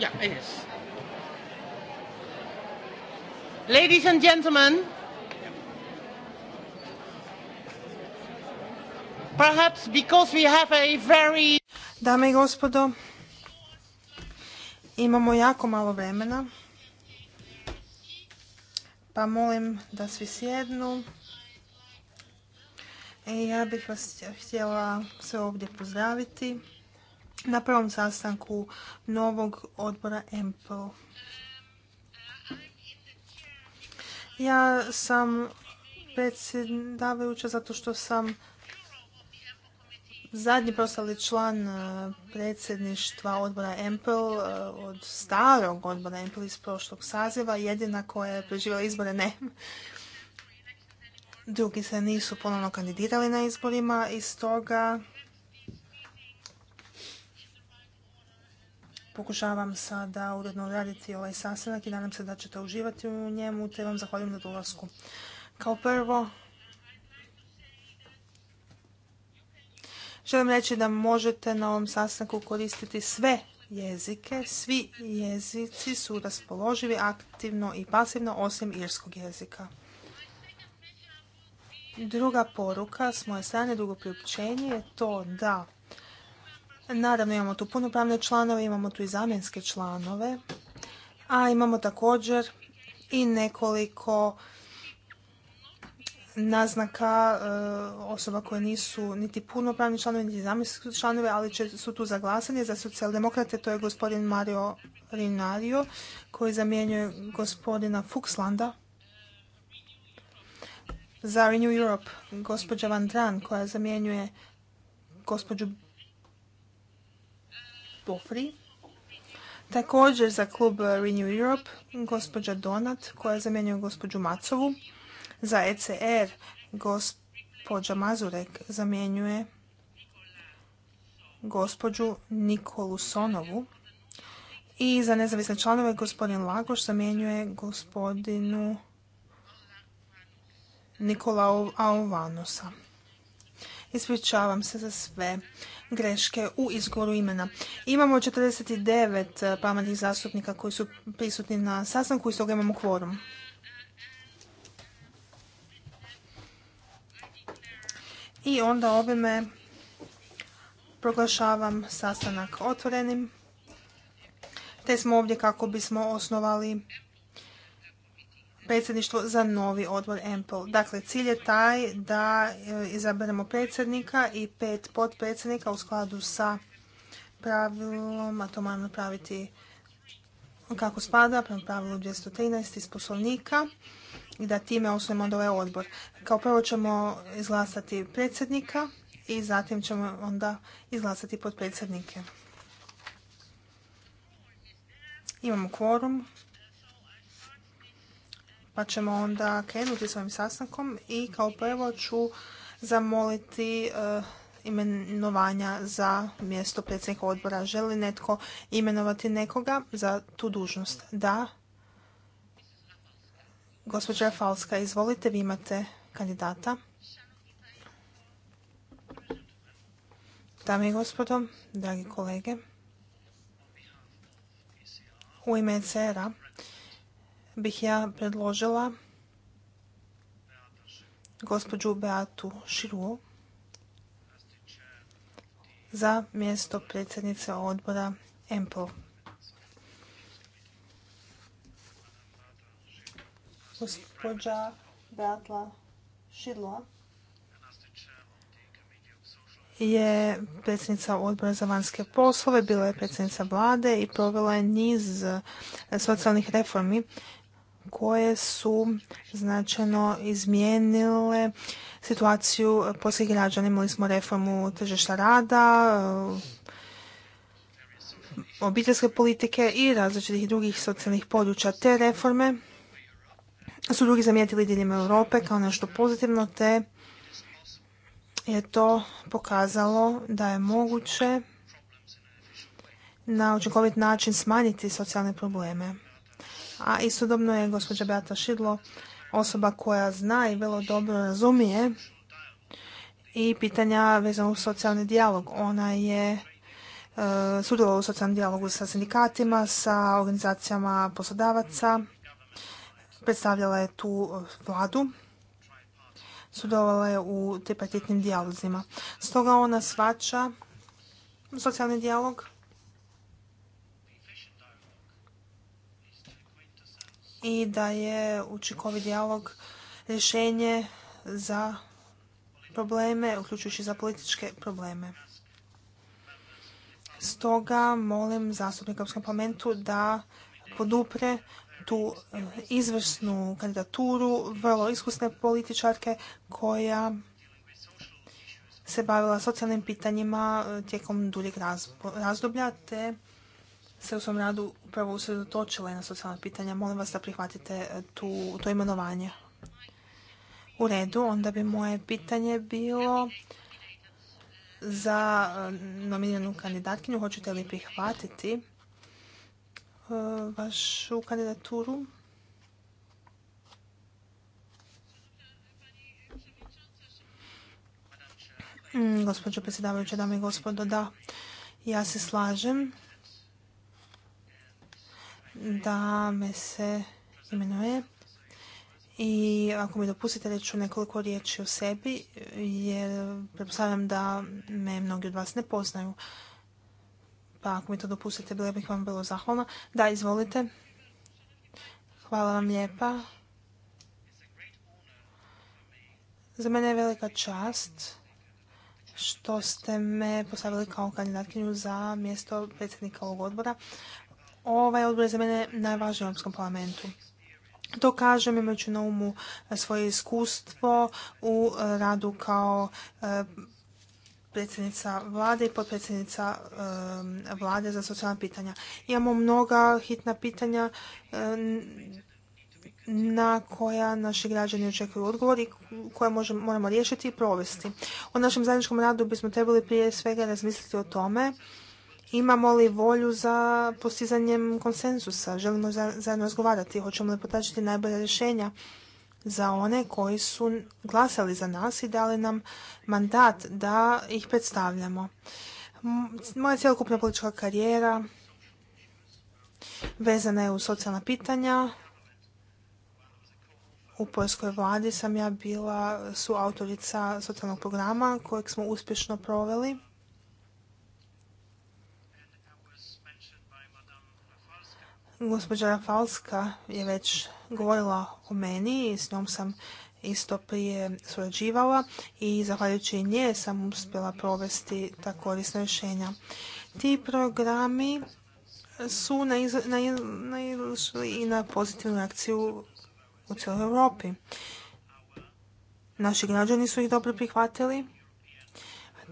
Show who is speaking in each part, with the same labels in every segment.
Speaker 1: ja it er is.
Speaker 2: Ladies and gentlemen, perhaps because we have a
Speaker 1: very... Dame i gospodo, imamo jako malo vremena, pa molim da svi sjednu. ja bih vas htjela sve ovdje pozdraviti na prvom sastanku novog odbora MPL. Ja sam predsjedavajuća zato što sam zadnji prostali član e, predsjedništva odbora MPL e, od starog odbora MPL iz prošlog saziva, jedina koja je preživjela izbore ne. Drugi se nisu ponovno kandidirali na izborima i stoga Pokušavam sada uredno raditi ovaj sastanak i nadam se da ćete uživati u njemu, te vam zahvaljujem na dolasku. Kao prvo, želim reći da možete na ovom sastanku koristiti sve jezike. Svi jezici su raspoloživi aktivno i pasivno, osim irskog jezika. Druga poruka s moje strane, drugo priopćenje je to da Naravno imamo tu punopravne članove, imamo tu i zamjenske članove, a imamo također i nekoliko naznaka e, osoba koje nisu niti punopravni članovi, niti zamjenski članovi, ali su tu za glasanje. Za socijaldemokrate to je gospodin Mario Rinario koji zamjenjuje gospodina Fuxlanda. Za Renew Europe gospođa Van Dran koja zamjenjuje gospođu Bofri. Također za klub Renew Europe gospođa Donat koja zamjenjuje gospođu Macovu. Za ECR gospođa Mazurek zamjenjuje gospođu Nikolu Sonovu. I za nezavisne članove gospodin Lagoš zamjenjuje gospodinu Nikola Aovanosa. Ispričavam se za sve greške u izgoru imena. Imamo 49 eh, pametnih zastupnika koji su prisutni na sastanku i stoga imamo kvorum. I onda ovime proglašavam sastanak otvorenim. Te smo ovdje kako bismo osnovali predsjedništvo za novi odbor EMPL. Dakle, cilj je taj da e, izaberemo predsjednika i pet potpredsjednika u skladu sa pravilom, a to moramo napraviti kako spada, prema pravilu 213 iz poslovnika i da time osnovimo onda ovaj odbor. Kao prvo ćemo izglasati predsjednika i zatim ćemo onda izglasati potpredsjednike. Imamo kvorum pa ćemo onda krenuti s ovim sastankom i kao prvo ću zamoliti eh, imenovanja za mjesto predsjednika odbora. Želi netko imenovati nekoga za tu dužnost? Da. Gospođa Falska, izvolite, vi imate kandidata. Dame i gospodo, dragi kolege, u ime cr a bih ja predložila gospođu Beatu Širu za mjesto predsjednice odbora EMPO. Gospođa Beatla Širla je predsjednica odbora za vanjske poslove, bila je predsjednica vlade i provela je niz socijalnih reformi koje su značajno izmijenile situaciju poslije građana. Imali smo reformu tržišta rada, eh, obiteljske politike i različitih drugih socijalnih područja. Te reforme su drugi zamijetili diljem Europe kao nešto pozitivno, te je to pokazalo da je moguće na učinkovit način smanjiti socijalne probleme a istodobno je gospođa Beata Šidlo osoba koja zna i vrlo dobro razumije i pitanja vezano uz socijalni dijalog. Ona je e, sudovala u socijalnom dijalogu sa sindikatima, sa organizacijama poslodavaca, predstavljala je tu vladu, sudjelovala je u tripartitnim dijalozima. Stoga ona svača socijalni dijalog i da je učinkovit dijalog rješenje za probleme, uključujući za političke probleme. Stoga molim zastupnika Europskom parlamentu da podupre tu eh, izvrsnu kandidaturu vrlo iskusne političarke koja se bavila socijalnim pitanjima eh, tijekom duljeg razdoblja te se u svom radu upravo usredotočila na socijalna pitanja. Molim vas da prihvatite e, tu, to imenovanje. U redu, onda bi moje pitanje bilo za e, nominiranu kandidatkinju. Hoćete li prihvatiti e, vašu kandidaturu? Mm, gospođo predsjedavajuća, dame i gospodo, da, ja se slažem da me se imenuje i ako mi dopustite reću nekoliko riječi o sebi jer pretpostavljam da me mnogi od vas ne poznaju. Pa ako mi to dopustite, bila bih vam bilo zahvalna. Da, izvolite. Hvala vam lijepa. Za mene je velika čast što ste me postavili kao kandidatkinju za mjesto predsjednika ovog odbora ovaj odbor je za mene najvažniji u Europskom parlamentu. To kažem imajući na umu e, svoje iskustvo u e, radu kao e, predsjednica vlade i potpredsjednica vlade za socijalna pitanja. Imamo mnoga hitna pitanja na koja naši građani očekuju odgovor i koje moramo riješiti i provesti. U našem zajedničkom radu bismo trebali prije svega razmisliti o tome Imamo li volju za postizanjem konsenzusa? Želimo zajedno razgovarati? Hoćemo li potražiti najbolje rješenja za one koji su glasali za nas i dali nam mandat da ih predstavljamo? Moja cjelokupna politička karijera vezana je u socijalna pitanja. U poljskoj vladi sam ja bila suautorica socijalnog programa kojeg smo uspješno proveli Gospođa Rafalska je već govorila o meni i s njom sam isto prije surađivala i zahvaljujući nje sam uspjela provesti ta korisna rješenja. Ti programi su naišli i na pozitivnu reakciju u cijeloj Europi. Naši građani su ih dobro prihvatili,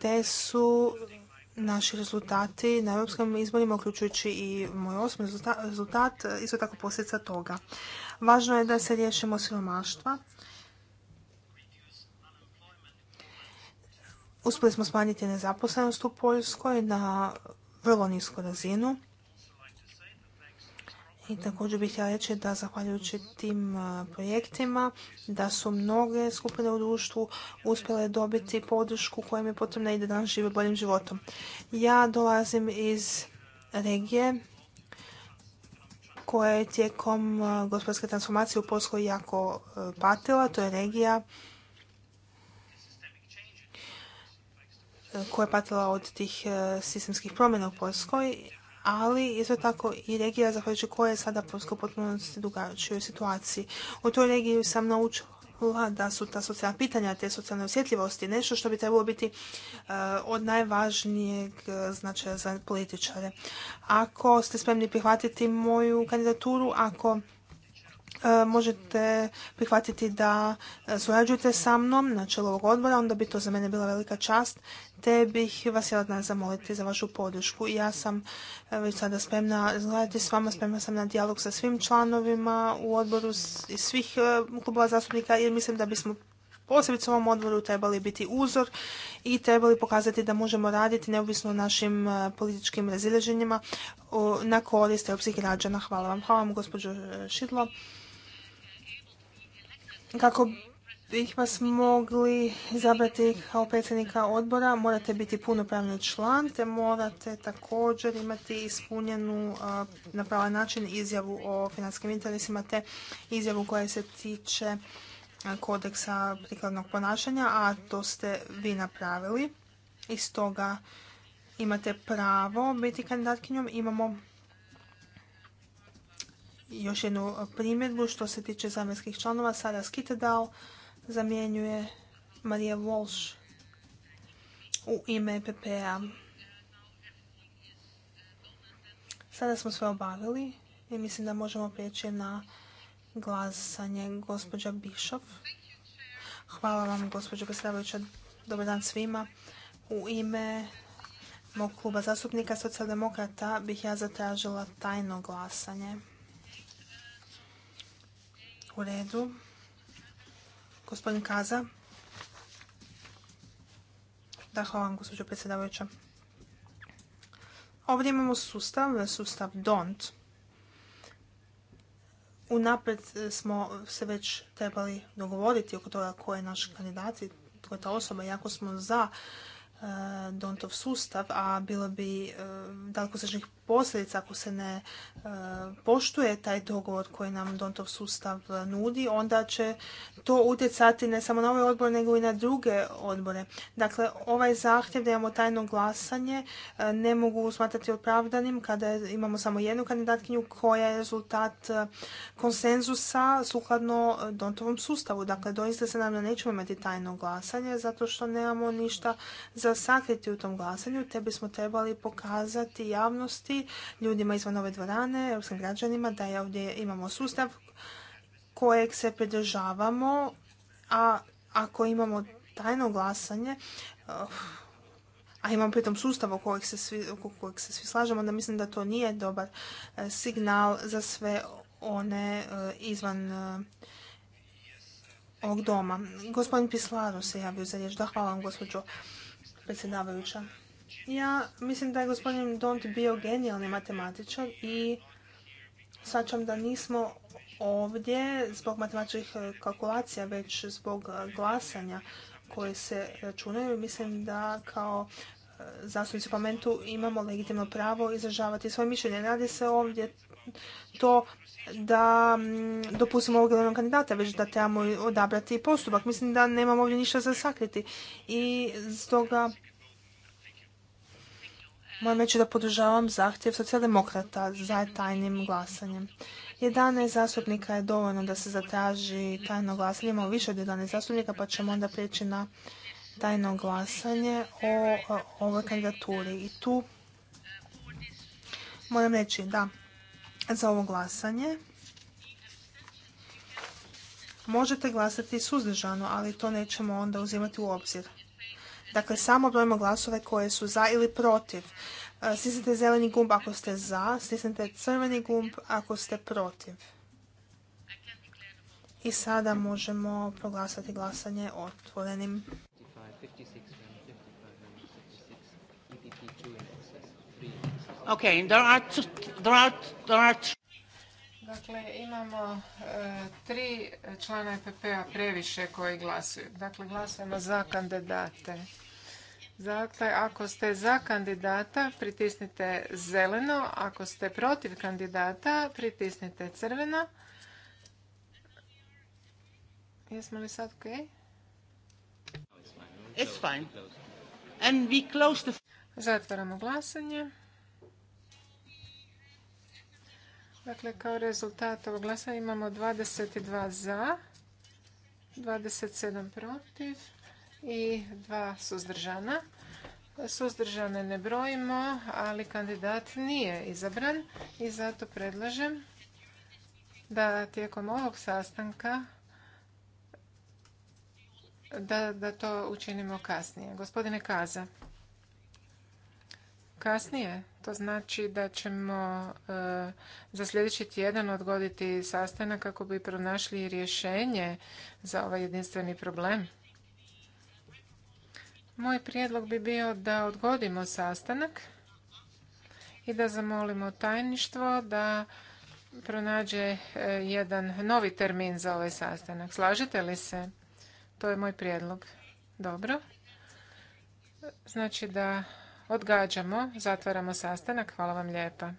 Speaker 1: te su naši rezultati na europskim izborima, uključujući i moj osmi rezultat, isto tako posljedica toga. Važno je da se riješimo siromaštva. Uspjeli smo smanjiti nezaposlenost u Poljskoj na vrlo nisku razinu. I također bih htjela reći da zahvaljujući tim projektima da su mnoge skupine u društvu uspjele dobiti podršku koja im je potrebna i da danas žive boljim životom. Ja dolazim iz regije koja je tijekom gospodarske transformacije u Polskoj jako patila. To je regija koja je patila od tih sistemskih promjena u Polskoj ali isto tako i regija zahvaljujući koje je sada Polska u potpunosti situaciji. U toj regiji sam naučila da su ta socijalna pitanja, te socijalne osjetljivosti nešto što bi trebalo biti e, od najvažnijeg e, značaja za političare. Ako ste spremni prihvatiti moju kandidaturu, ako E, možete prihvatiti da e, surađujete sa mnom na čelu ovog odbora, onda bi to za mene bila velika čast, te bih vas htjela zamoliti za vašu podršku. Ja sam e, već sada spremna razgovarati s vama, spremna sam na dijalog sa svim članovima u odboru iz svih klubova zastupnika, jer mislim da bismo posebice u ovom odboru trebali biti uzor i trebali pokazati da možemo raditi neovisno o našim političkim razilježenjima na korist europskih građana. Hvala vam. Hvala vam, gospođo Šidlo. Kako bih vas mogli izabrati kao predsjednika odbora, morate biti punopravni član, te morate također imati ispunjenu na pravi način izjavu o financijskim interesima, te izjavu koja se tiče kodeksa prikladnog ponašanja, a to ste vi napravili. I stoga imate pravo biti kandidatkinjom. Imamo još jednu primjedbu što se tiče zamjenskih članova. Sara Skitedal zamjenjuje Marija Walsh u ime PPA. Sada smo sve obavili i mislim da možemo prijeći na glasanje gospođa Bišov. Hvala vam gospođo predsjedavajuća. Dobar dan svima. U ime mog kluba zastupnika socijaldemokrata bih ja zatražila tajno glasanje. U redu. Gospodin Kaza. Da, hvala vam, gospođo predsjedavajuća. Ovdje imamo sustav, sustav DONT. napred smo se već trebali dogovoriti oko toga ko je naš kandidat i tko je ta osoba. Iako smo za dont eh, DONTov sustav, a bilo bi eh, dalekosežnih posljedica ako se ne e, poštuje taj dogovor koji nam Dontov sustav nudi, onda će to utjecati ne samo na ovaj odbor, nego i na druge odbore. Dakle, ovaj zahtjev da imamo tajno glasanje e, ne mogu smatrati opravdanim kada imamo samo jednu kandidatkinju koja je rezultat e, konsenzusa sukladno Dontovom sustavu. Dakle, doista se nam da nećemo imati tajno glasanje zato što nemamo ništa za sakriti u tom glasanju, te bismo trebali pokazati javnosti ljudima izvan ove dvorane, europskim građanima, da je ovdje imamo sustav kojeg se pridržavamo, a ako imamo tajno glasanje, uh, a imamo pritom sustav oko kojeg se svi, kojeg se svi slažemo, onda mislim da to nije dobar uh, signal za sve one uh, izvan ovog doma. Gospodin Pislaru se javio za riječ. Da, hvala vam, gospođo predsjedavajuća. Ja mislim da je gospodin Dont bio genijalni matematičar i svačam da nismo ovdje zbog matematičkih e, kalkulacija, već zbog e, glasanja koje se računaju. Mislim da kao e, zastupnici u parlamentu imamo legitimno pravo izražavati svoje mišljenje. Radi se ovdje to da dopustimo ovog glavnog kandidata, već da trebamo odabrati postupak. Mislim da nemamo ovdje ništa za sakriti. I stoga Moram reći da podržavam zahtjev socijaldemokrata za tajnim glasanjem. 11 zastupnika je dovoljno da se zatraži tajno glasanje. Imamo više od 11 zastupnika pa ćemo onda prijeći na tajno glasanje o ovoj kandidaturi. I tu moram reći da za ovo glasanje možete glasati suzdržano, ali to nećemo onda uzimati u obzir. Dakle, samo brojimo glasove koje su za ili protiv. E, stisnite zeleni gumb ako ste za, stisnite crveni gumb ako ste protiv. I sada možemo proglasati glasanje otvorenim.
Speaker 2: Okay, there there are, there are Dakle, imamo e, tri člana EPP-a previše koji glasuju. Dakle, glasujemo za kandidate. Dakle, ako ste za kandidata, pritisnite zeleno. Ako ste protiv kandidata, pritisnite crveno. Jesmo li sad ok? It's Zatvaramo glasanje. Dakle, kao rezultat ovog glasa imamo 22 za, 27 protiv i 2 suzdržana. Suzdržane ne brojimo, ali kandidat nije izabran i zato predlažem da tijekom ovog sastanka da, da to učinimo kasnije. Gospodine Kaza kasnije. To znači da ćemo e, za sljedeći tjedan odgoditi sastanak kako bi pronašli rješenje za ovaj jedinstveni problem. Moj prijedlog bi bio da odgodimo sastanak i da zamolimo tajništvo da pronađe e, jedan novi termin za ovaj sastanak. Slažete li se? To je moj prijedlog. Dobro. Znači da Odgađamo, zatvaramo sastanak. Hvala vam lijepa.